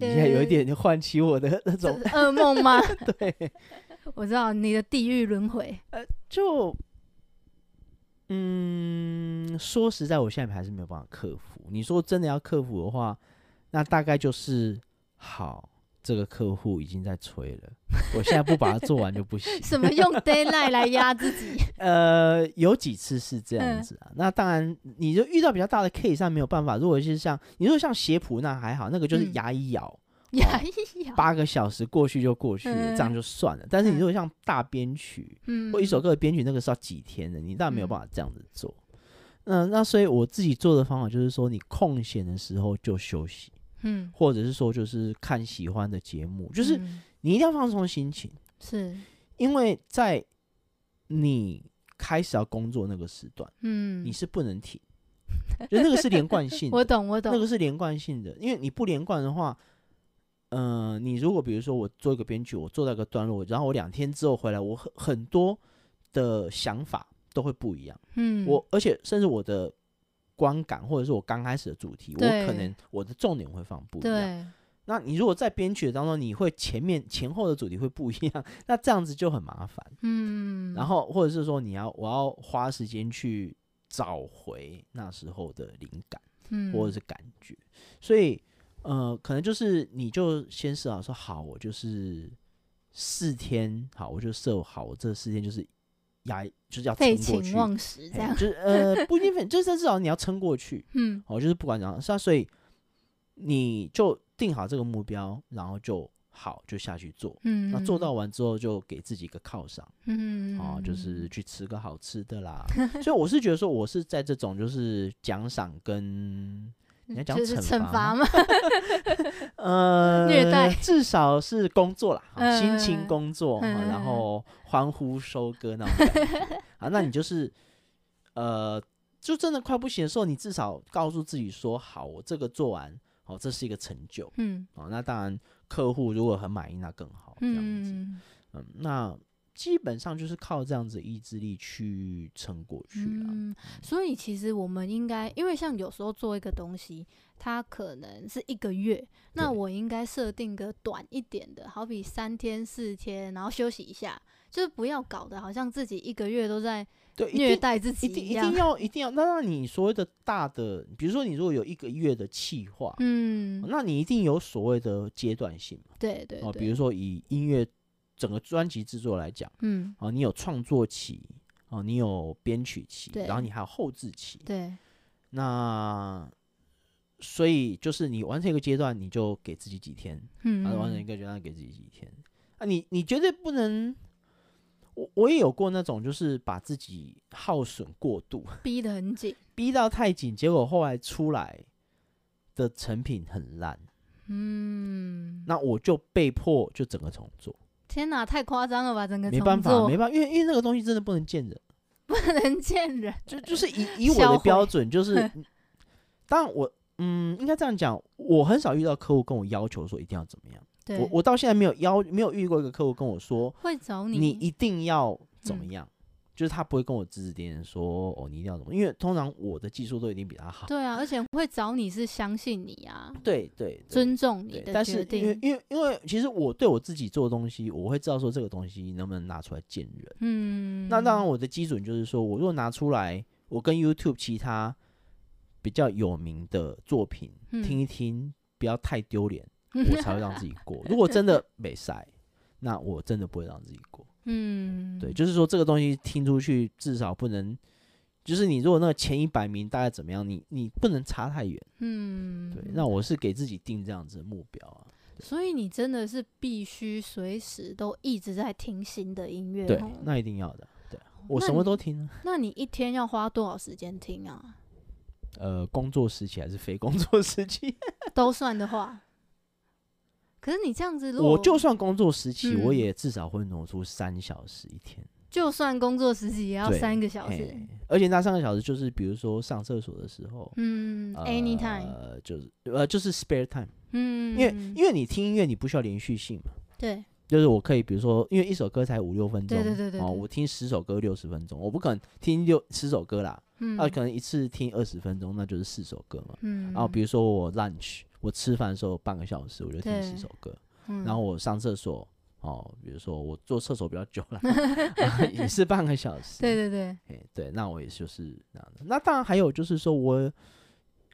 你現在有一點就喚起我的對對對那種噩夢嗎？ 對，我知道你的地獄輪迴。呃，就，嗯，說實在，我現在還是沒有辦法克服。你說真的要克服的話，那大概就是好。這個客戶已經在催了，我現在不把它做完就不行。 什麼用 deadline 來壓自己？ 呃，有幾次是這樣子啊。嗯、那當然，你就遇到比較大的 case 上沒有辦法。如果是像，你如果像寫譜那還好，那個就是牙一咬，嗯哦、牙一咬，八個小時過去就過去了，嗯、這樣就算了。但是你如果像大編曲，嗯、或一首歌的編曲，那個是要幾天的，你當然沒有辦法這樣子做。嗯那，那所以我自己做的方法就是說，你空閒的時候就休息。嗯，或者是說，就是看喜歡的節目，就是你一定要放鬆心情，是、嗯、因為在你開始要工作那個時段，嗯，你是不能停， 就那個是連貫性的。我懂，我懂，那個是連貫性的，因為你不連貫的話，嗯、呃，你如果比如說我做一個編曲，我做到一個段落，然後我兩天之後回來，我很很多的想法都會不一樣，嗯，我而且甚至我的。觀感或者是我剛開始的主題，對我可能我的重點會放不一樣。對那你如果在編曲的當中，你會前面前後的主題會不一樣，那這樣子就很麻煩。嗯，然後或者是說，你要我要花時間去找回那時候的靈感，嗯、或者是感覺，所以呃，可能就是你就先設好，好，說好我就是四天，好我就設好我這四天就是。就是要撐過去。欸、就是呃不一定， 就是至少你要撐過去，嗯，哦，就是不管怎樣是啊，所以你就定好這個目標，然後就好就下去做，嗯，那做到完之後就給自己一個犒賞，嗯，哦，就是去吃個好吃的啦。 所以我是覺得說我是在這種就是獎賞跟。你要就是懲罰嗎？ 呃， 虐待至少是工作啦，辛勤工作，呃、然後歡呼收割那種感覺啊、嗯。那你就是呃，就真的快不行的時候，你至少告訴自己說：好，我這個做完，好、哦，這是一個成就。嗯、哦，那當然，客戶如果很滿意，那更好。這樣子，嗯，嗯，那。基本上就是靠這樣子的意志力去撐過去啊。嗯，所以其實我們應該，因為像有時候做一個東西，它可能是一個月，那我應該設定個短一點的，好比三天四天，然後休息一下，就是不要搞得好像自己一個月都在虐待自己一定，一定，一定要，一定要，那那你所謂的大的，比如說你如果有一個月的企劃，嗯，那你一定有所謂的階段性嘛。對，對對。哦，比如說以音樂。整個專輯製作來講，嗯，哦、啊，你有創作期，哦、啊，你有編曲期，對，然後你還有後製期，對。那所以就是你完成一個階段，你就給自己幾天，嗯，嗯，然後完成一個階段給自己幾天。啊你，你你絕對不能，我我也有過那種，就是把自己耗損過度，逼得很緊，逼到太緊，結果後來出來的成品很爛，嗯，那我就被迫就整個重做。天哪，太誇張了吧！真的是，整個沒辦法，沒辦法，因為因為那個東西真的不能見人，不能見人，就對就是以以我的標準，就是灰當然我嗯，應該這樣講，我很少遇到客戶跟我要求說一定要怎麼樣，對我我到現在沒有要，沒有遇過一個客戶跟我說，會找你，你一定要怎麼樣。嗯就是他不會跟我指指點點說哦，你一定要怎麼，因為通常我的技術都已經比他好。對啊，而且會找你是相信你啊， 對，對對，尊重你。但是因為因為因為，因為其實我對我自己做的東西，我會知道說這個東西能不能拿出來見人。嗯，那當然我的基準就是說，我如果拿出來，我跟 YouTube 其他比較有名的作品，嗯，聽一聽，不要太丟臉，我才會讓自己過。 如果真的沒曬，那我真的不會讓自己過。嗯，對，就是說這個東西聽出去至少不能，就是你如果那個前一百名大概怎麼樣，你你不能差太遠。嗯，對，那我是給自己定這樣子的目標啊。所以你真的是必須隨時都一直在聽新的音樂哦？對，那一定要的。對，我什麼都聽。那你，那你一天要花多少時間聽啊？呃，工作時期還是非工作時期？都算的話。 可是你這樣子，我就算工作時期，嗯、我也至少會挪出三小時一天。就算工作時期也要三個小時，欸、而且那三個小時就是比如說上廁所的時候，嗯呃，anytime，、就是、呃，就是呃，就是 spare time，嗯，因為因為你聽音樂你不需要連續性嘛，對，就是我可以比如說，因為一首歌才五六分鐘，對,對對對對，哦，我聽十首歌六十分鐘，我不可能聽六十首歌啦。那、嗯啊、可能一次聽二十分鐘，那就是四首歌嘛。嗯，然後比如說我 lunch，我吃飯的時候半個小時，我就聽四首歌。嗯、然後我上廁所，哦，比如說我坐廁所比較久了， 也是半個小時。對對對，okay, 對，那我也就是那樣子。那當然還有就是說我，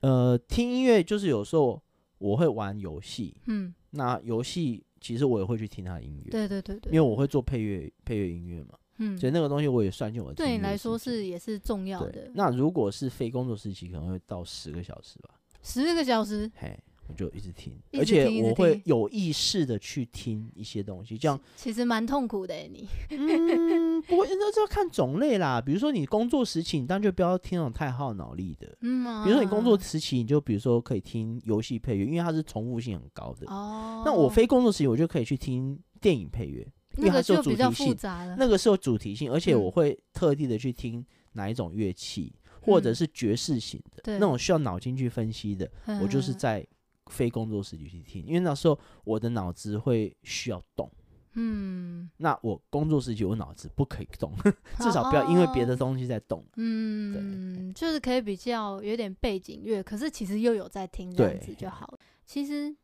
呃，聽音樂就是有時候我會玩遊戲，嗯，那遊戲其實我也會去聽它的音樂。對對對對，因為我會做配樂，配樂音樂嘛。嗯，所以那個東西我也算進我的，自己的。對你來說是也是重要的。那如果是非工作時期，可能會到十個小時吧。十個小時，嘿，我就一直聽，一直聽，而且我會有意識的去聽一些東西，這樣。其實蠻痛苦的、欸，你。嗯，不過那就要看種類啦。比如說你工作時期，你當然就不要聽那種太耗腦力的。嗯、啊、比如說你工作時期，你就比如說可以聽遊戲配樂，因為它是重複性很高的。哦。那我非工作時期，我就可以去聽電影配樂。因為它那個就比較複雜了。那個是有主題性，而且我會特地的去聽哪一種樂器，嗯、或者是爵士型的，對那種需要腦筋去分析的，呵呵我就是在非工作室裡去聽，因為那時候我的腦子會需要動。嗯。那我工作室就我腦子不可以動，後 至少不要因為別的東西在動。嗯，對就是可以比較有點背景樂，可是其實又有在聽，這樣子就好了。對其實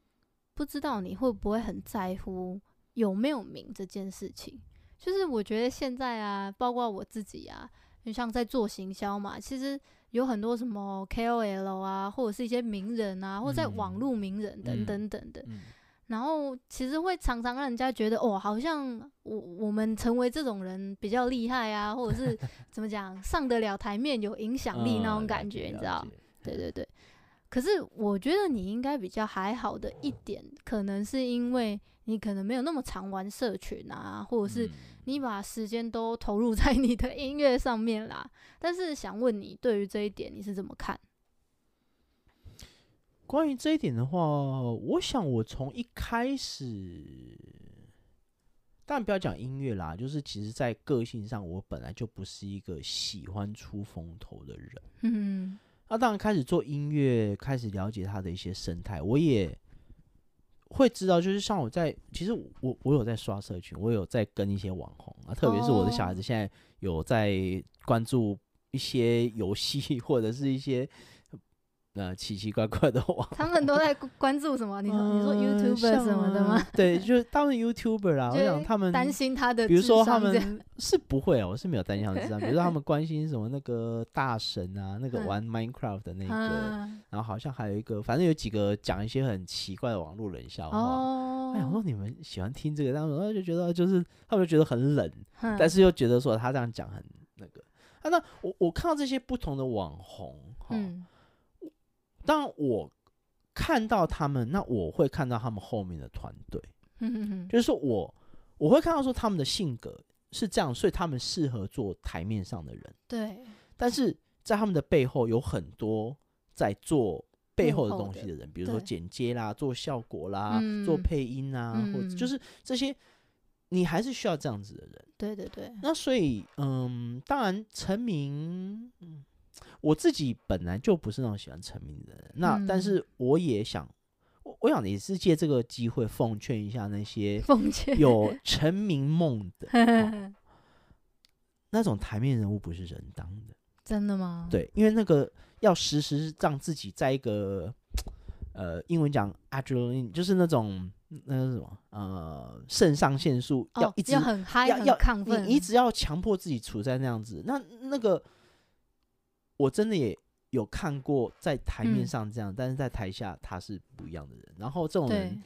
不知道你會不會很在乎有沒有名這件事情，就是我覺得現在啊，包括我自己啊，就像在做行銷嘛，其實有很多什麼 KOL 啊，或者是一些名人啊，或者在網絡名人等等等等，嗯嗯嗯、然後其實會常常讓人家覺得哦，好像我我們成為這種人比較厲害啊，或者是 怎麼講上得了台面，有影響力那種感覺，哦、你知道？了解。對對對。可是我覺得你應該比較還好的一點，可能是因為。你可能沒有那麼常玩社群啊，或者是你把時間都投入在你的音樂上面啦。但是想問你，對於這一點你是怎麼看？關於這一點的話，我想我從一開始，當然不要講音樂啦，就是其實在個性上，我本來就不是一個喜歡出風頭的人。嗯、 啊，那當然開始做音樂，開始了解他的一些生態，我也。會知道，就是像我在，其實我我有在刷社群，我有在跟一些網紅啊，特別是我的小孩子現在有在關注一些遊戲或者是一些。那、呃、奇奇怪怪的網，他們都在關注什麼？你說、嗯、你說 YouTuber 什麼的嗎？嗎對，就是他們 YouTuber 啊，我想他們擔心他的，比如說他們是不會啊，我是沒有擔心他的智商。 比如說他們關心什麼那個大神啊，那個玩 Minecraft 的那個，嗯啊、然後好像還有一個，反正有幾個講一些很奇怪的網絡冷笑話。哦、哎呀，我說你們喜歡聽這個，但是我就覺得就是他們就覺得很冷，嗯、但是又覺得說他這樣講很那個。啊、那我我看到這些不同的網紅，嗯。當我看到他們，那我會看到他們後面的團隊，嗯、哼哼就是說我我會看到說他們的性格是這樣，所以他們適合做台面上的人。對，但是在他們的背後有很多在做背後的東西的人，的比如說剪接啦、對做效果啦、嗯、做配音啊，嗯、或者就是這些，你還是需要這樣子的人。對對對。那所以，嗯，當然成名。我自己本來就不是那種喜歡成名的人，那、嗯、但是我也想，我我想也是借這個機會奉勸一下那些有成名夢的，那種台面人物不是人當的。真的嗎？對，因為那個要時時讓自己在一個呃英文講 adrenaline 就是那種那什麼呃腎上腺素，哦、要一直很嗨要，很要要亢奮一直要強迫自己處在那樣子，那那個。我真的也有看過在台面上這樣，嗯、但是在台下他是不一樣的人。然後這種人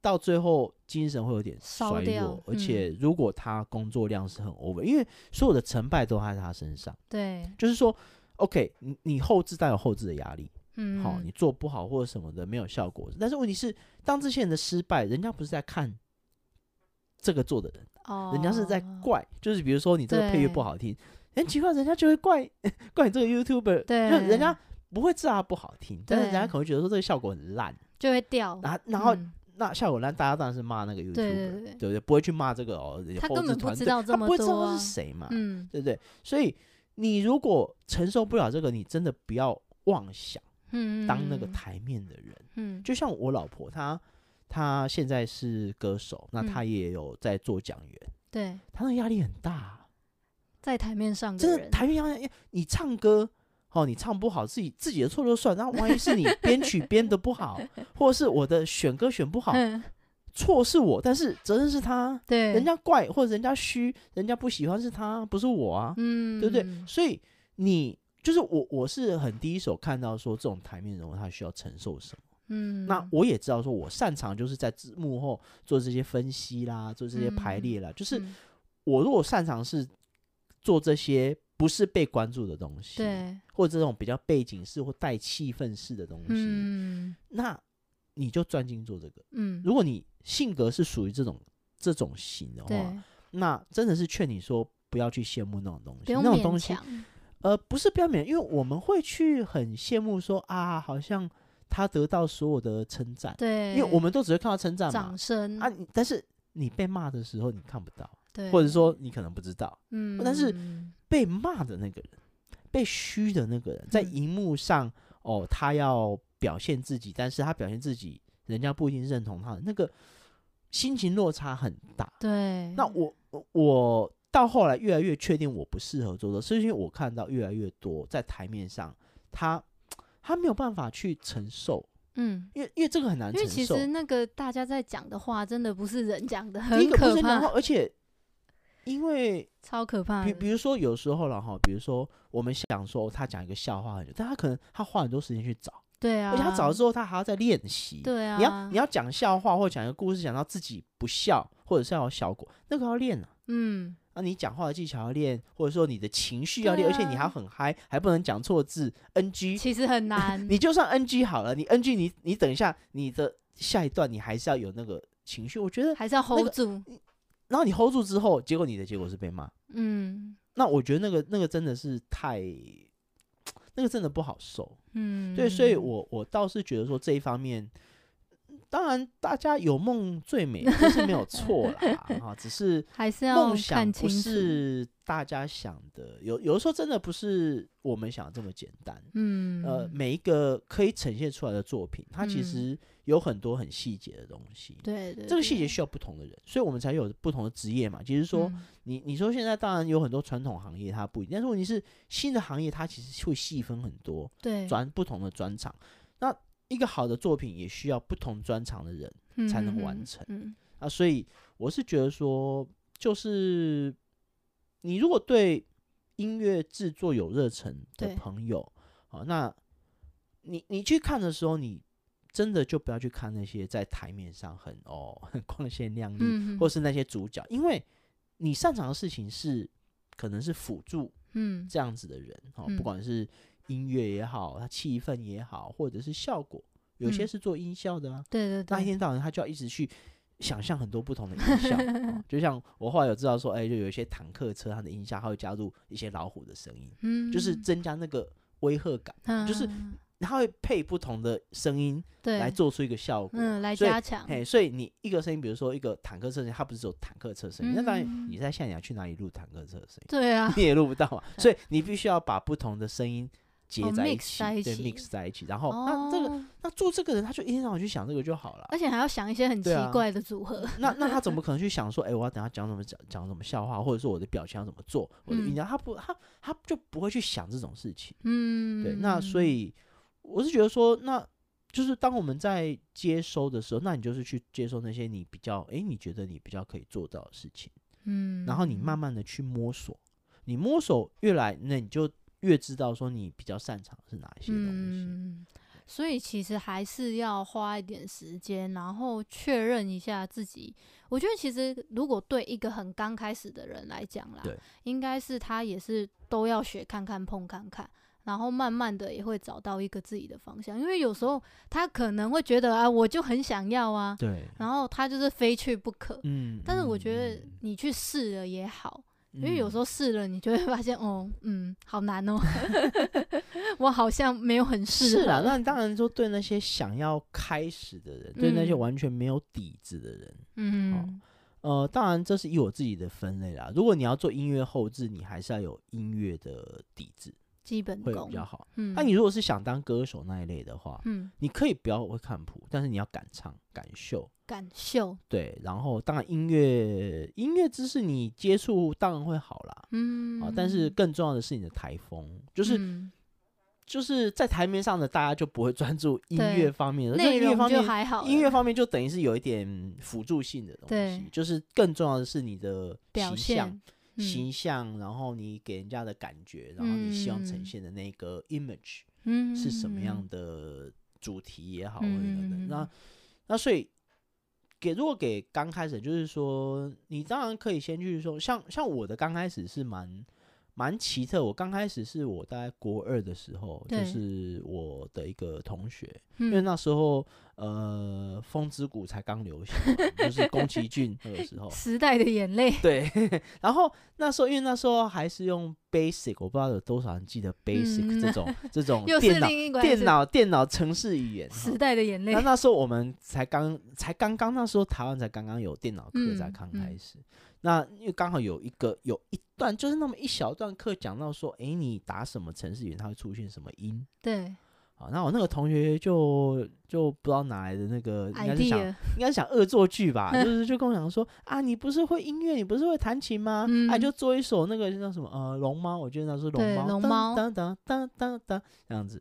到最後精神會有點衰弱，嗯、而且如果他工作量是很 over，因為所有的成敗都在他身上。對，就是說，OK，你你後製帶有後製的壓力，嗯，好，你做不好或者什麼的沒有效果。但是問題是，當這些人的失敗，人家不是在看這個做的人，哦，人家是在怪，就是比如說你這個配樂不好聽。很奇怪，人家就會怪怪你這個 YouTuber，對，就人家不會知道他不好聽，但是人家可能會覺得說這個效果很爛，就會掉。然後那效果爛，大家當然是罵那個 YouTuber，對不對？不會去罵這個哦，後製團隊，他根本不知道這麼多，他不會知道是誰嘛，對不對？所以你如果承受不了這個，你真的不要妄想嗯當那個台面的人。嗯，就像我老婆，她她現在是歌手，那她也有在做講員，對她那壓力很大。在台面上，真的台面上，你唱歌哦，你唱不好，自己自己的錯就算。然後萬一是你編曲編得不好， 或者是我的選歌選不好，錯 是我，但是責任是他。對，人家怪或者人家虛，人家不喜歡是他，不是我啊，嗯，對不對？所以你就是我，我是很第一手看到說這種台面人物他需要承受什麼。嗯，那我也知道說我擅長就是在幕後做這些分析啦，做這些排列啦，嗯、就是我如果擅長是。做這些不是被關注的東西，對或者這種比較背景式，或帶氣氛式的東西，嗯、那你就專心做這個，嗯、如果你性格是屬於這種這種型的話，對那真的是勸你說不要去羨慕那種東西，那種東西，呃，不是，不要勉強，因為我們會去很羨慕說啊，好像他得到所有的稱讚，對，因為我們都只會看到稱讚、掌聲聲啊，但是你被罵的時候，你看不到。對或者說你可能不知道，嗯，但是被罵的那個人，被噓的那個人，在熒幕上、嗯、哦，他要表現自己，但是他表現自己，人家不一定認同他的，那個心情落差很大。對，那我我到後來越來越確定我不適合做的，是因為我看到越來越多在台面上，他他沒有辦法去承受，嗯，因為因為這個很難承受。因為其實那個大家在講的話，真的不是人講的，很可怕，是而且。因為超可怕。比比如說，有時候了哈，比如說我們想說他講一個笑話很久，但他可能他花很多時間去找。對啊。而且他找了之後，他還要再練習。對啊。你要你要講笑話或者講一個故事，講到自己不笑或者是要有效果，那個要練啊。嗯。啊，你講話的技巧要練，或者說你的情緒要練，啊、而且你還很嗨，還不能講錯字 NG。N G 其實很難。 你就算 NG 好了，你 NG 你你等一下，你的下一段你還是要有那個情緒，我覺得、那個、還是要 hold 住。然後你 hold 住之後，結果你的結果是被罵。嗯，那我覺得那個那個真的是太，那個真的不好受。嗯，對，所以我，我我倒是覺得說這一方面，當然大家有夢最美，這是沒有錯啦。哈、 啊，只是夢想不是大家想的，有有的時候真的不是我們想的這麼簡單。嗯，呃，每一個可以呈現出來的作品，它其實。嗯有很多很細節的東西，對，對，對，這個細節需要不同的人，所以我們才有不同的職業嘛。就是說，嗯、你你說現在當然有很多傳統行業它不一樣，但是問題是新的行業它其實會細分很多，對，專不同的專長。那一個好的作品也需要不同專長的人、嗯、哼才能完成、嗯嗯、啊。所以我是覺得說，就是你如果對音樂製作有熱忱的朋友對啊，那你你去看的時候，你。真的就不要去看那些在檯面上很哦、很光鮮亮麗，嗯、哼或是那些主角，因為你擅長的事情是可能是輔助，嗯，這樣子的人、嗯、哦，不管是音樂也好，他氣氛也好，或者是效果，有些是做音效的啊。嗯、對對對，那一天到晚他就要一直去想象很多不同的音效， 哦、就像我後來有知道說，哎，就有一些坦克車上的音效，還會加入一些老虎的聲音，嗯，就是增加那個威嚇感，啊、就是。他會配不同的聲音，對，來做出一個效果，對嗯，來加強，嘿，所以你一個聲音，比如說一個坦克車聲，他不是只有坦克車聲，嗯、那當然你在現場去哪裡錄坦克車聲，對啊，你也錄不到啊，對所以你必須要把不同的聲音接在一起，對、oh,，mix 在一起，一起哦、然後那這個那做這個人，他就一天讓我一天到晚去想這個就好了，而且還要想一些很奇怪的組合，啊、那那他怎麼可能去想說，哎、欸，我要等下講什麼講講什麼笑話，或者說我的表情要怎麼做，我的音量，他不他他就不會去想這種事情，嗯，對，那所以。我是覺得說，那就是當我們在接收的時候，那你就是去接收那些你比較哎、欸，你覺得你比較可以做到的事情，嗯，然後你慢慢的去摸索，你摸索越來，那你就越知道說你比較擅長是哪一些東西。嗯，所以其實還是要花一點時間，然後確認一下自己。我覺得其實如果對一個很剛開始的人來講啦，對，應該是他也是都要學看看、碰看看。然後慢慢的也會找到一個自己的方向，因為有時候他可能會覺得啊，我就很想要啊，對，然後他就是非去不可，嗯。但是我覺得你去試了也好，嗯、因為有時候試了你就會發現，哦，嗯，好難哦， 我好像沒有很適合。是啦，那當然說對那些想要開始的人，嗯、對那些完全沒有底子的人，嗯、哦，呃，當然這是以我自己的分類啦。如果你要做音樂後製，你還是要有音樂的底子。基本功會比較好。那、嗯啊、你如果是想當歌手那一類的話，嗯、你可以不要會看譜，但是你要敢唱、敢秀、敢秀。對，然後當然音樂音樂知識你接觸當然會好啦。嗯，啊，但是更重要的是你的台風，就是、嗯、就是在台面上的大家就不會專注音樂方面，對而音樂方面就還好，音樂方面就等於是有一點輔助性的東西，對就是更重要的是你的形象。形象，然後你給人家的感覺，然後你希望呈現的那個 image，是什麼樣的主題也好，嗯，那那所以給如果給剛開始就是說，你當然可以先去說，像像我的剛開始是蠻。蠻奇特，我剛開始是我大概國二的時候，對就是我的一個同學，嗯、因為那時候呃，《風之谷》才剛流行， 就是宮崎駿那個時候。時代的眼淚。對，然後那時候，因為那時候還是用 Basic，我不知道有多少人記得 Basic、嗯、這種這種電腦電腦電腦程式語言。時代的眼淚。那那時候我們才剛才剛剛那時候台灣才剛剛有電腦課才剛開始。嗯嗯那又剛好有一個有一段，就是那麼一小段課講到說，哎、欸，你打什麼程式語言，它會出現什麼音？對。好、啊，那我那個同學就就不知道哪來的那個，Idea 應該是想，應該是想惡作劇吧， 就是就跟我講說，啊，你不是會音樂，你不是會彈琴嗎？哎、嗯啊，就做一首那個叫什麼呃龍貓，我覺得那是龍貓，龍貓，當當當當當這樣子。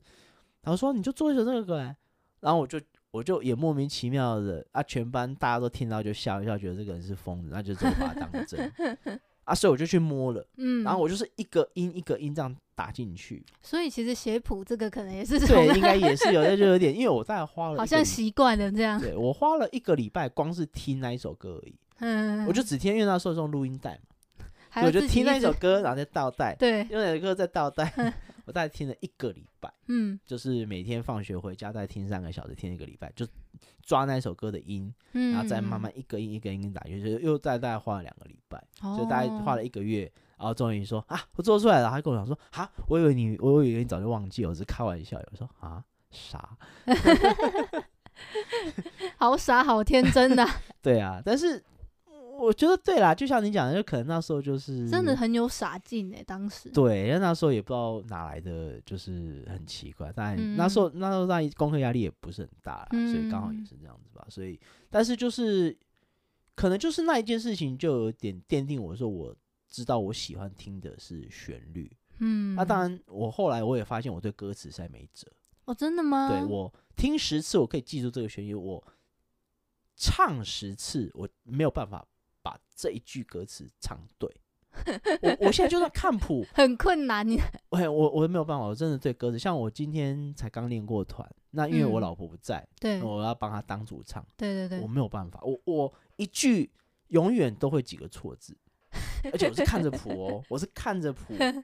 然後說你就做一首這個歌來，然後我就。我就也莫名其妙的啊，全班大家都聽到就笑一笑，覺得這個人是瘋子，那就這麼把它當真 啊，所以我就去摸了，嗯，然後我就是一個音一個音這樣打進去。所以其實寫譜這個可能也是對，應該也是有的 就有點，因為我在花了好像習慣了這樣。對，我花了一個禮拜光是聽那一首歌而已， 嗯，我就只聽，因為那時候用錄音帶嘛，我就聽那一首歌，然後再倒帶，對，用那首歌再倒帶。 我大概聽了一個禮拜，嗯，就是每天放學回家再聽三個小時，聽一個禮拜，就抓那首歌的音，嗯、然後再慢慢一個音一個音打，就又再大概花了兩個禮拜，就、哦、大概花了一個月，然後終於說啊，我做出來了。他跟我講說啊，我以為你，我以為你早就忘記了，我是開玩笑。我說啊，傻， 好傻，好天真吶、啊。 對啊，但是。我覺得對啦，就像你講的，就可能那時候就是真的很有傻勁呢、欸。當時對，因為那時候也不知道哪來的，就是很奇怪。但那時候、嗯、那時候那功課壓力也不是很大啦，嗯、所以剛好也是這樣子吧。所以，但是就是可能就是那一件事情，就有點奠定我說我知道我喜歡聽的是旋律。嗯，那當然我後來我也發現我對歌詞實在沒轍哦，真的嗎？對，我聽十次我可以記住這個旋律，我唱十次我沒有辦法。把這一句歌詞唱對， 我我現在就在看譜， 很困難。哎，我我沒有辦法，我真的對歌詞，像我今天才剛練過團，那因為我老婆不在，嗯、對，我要幫她當主唱，對對對，我沒有辦法，我我一句永遠都會幾個錯字， 而且我是看着譜哦，我是看着譜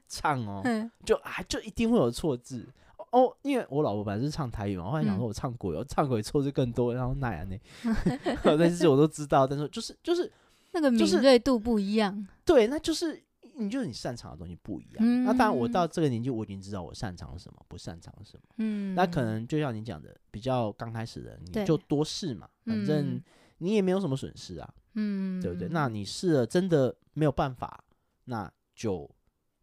唱哦， 就啊，就一定會有錯字哦，因為我老婆本來是唱台語嘛，我還想說我唱國語哦，嗯、我唱國語錯字更多，然後那樣呢， 但是我都知道，但是就是就是。那個敏銳度不一樣、就是，對，那就是你就是你擅長的東西不一樣。嗯、那當然，我到這個年紀，我已經知道我擅長什麼，不擅長什麼。嗯，那可能就像你講的，比較剛開始的，你就多試嘛，對反正你也沒有什麼損失啊。嗯，對不對？那你試了真的沒有辦法，那就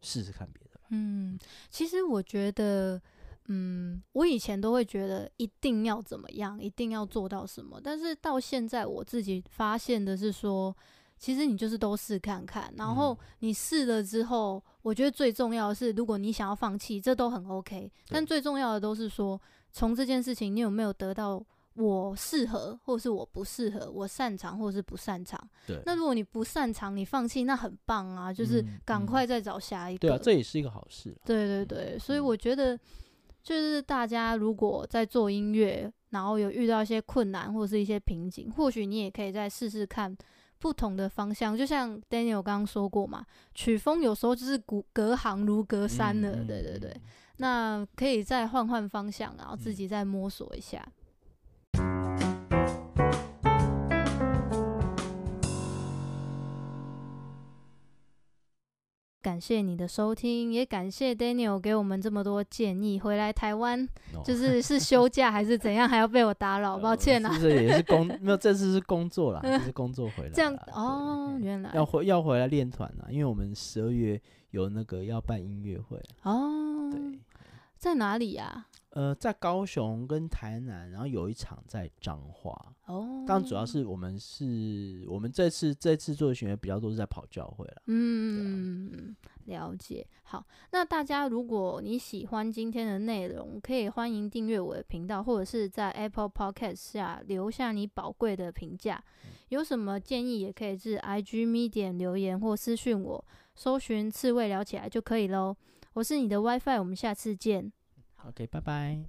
試試看別的吧。嗯，其實我覺得，嗯，我以前都會覺得一定要怎麼樣，一定要做到什麼，但是到現在我自己發現的是說。其實你就是都試看看，然後你試了之後，嗯、我覺得最重要的是，如果你想要放棄，這都很 OK。但最重要的都是說，從對這件事情你有沒有得到我適合，或是我不適合，我擅長，或是不擅長。對。那如果你不擅長，你放棄那很棒啊，就是趕快再找下一個、嗯嗯。對啊，這也是一個好事、啊。對對對，所以我覺得就是大家如果在做音樂，然後有遇到一些困難或者是一些瓶頸，或許你也可以再試試看，不同的方向，就像 Daniel 剛剛說過嘛，曲風有時候就是古隔行如隔山的，嗯嗯、對對對。那可以再換換方向，然後自己再摸索一下。嗯感謝你的收聽，也感謝 Daniel 給我們這麼多建議。回來台灣 No 就是是休假還是怎樣，還要被我打擾， 抱歉啊。就、呃、是，是也是工 沒有，這次是工作啦， 是工作回來。這樣對哦，對原來要回要回來練團啊，因為我們十二月有那個要辦音樂會哦。對，在哪裡呀、啊？呃，在高雄跟台南，然後有一場在彰化。哦。Oh. 但主要是我們是，我們這次這次做巡演比較多，是在跑教會了。嗯嗯、啊、了解。好，那大家如果你喜歡今天的內容，可以歡迎訂閱我的頻道，或者是在 Apple Podcast 下留下你寶貴的評價。嗯、有什麼建議也可以至 IG Me 點留言或私訊我，搜尋刺蝟聊起來就可以嘍。我是你的 WiFi，我們下次見。OK，拜拜。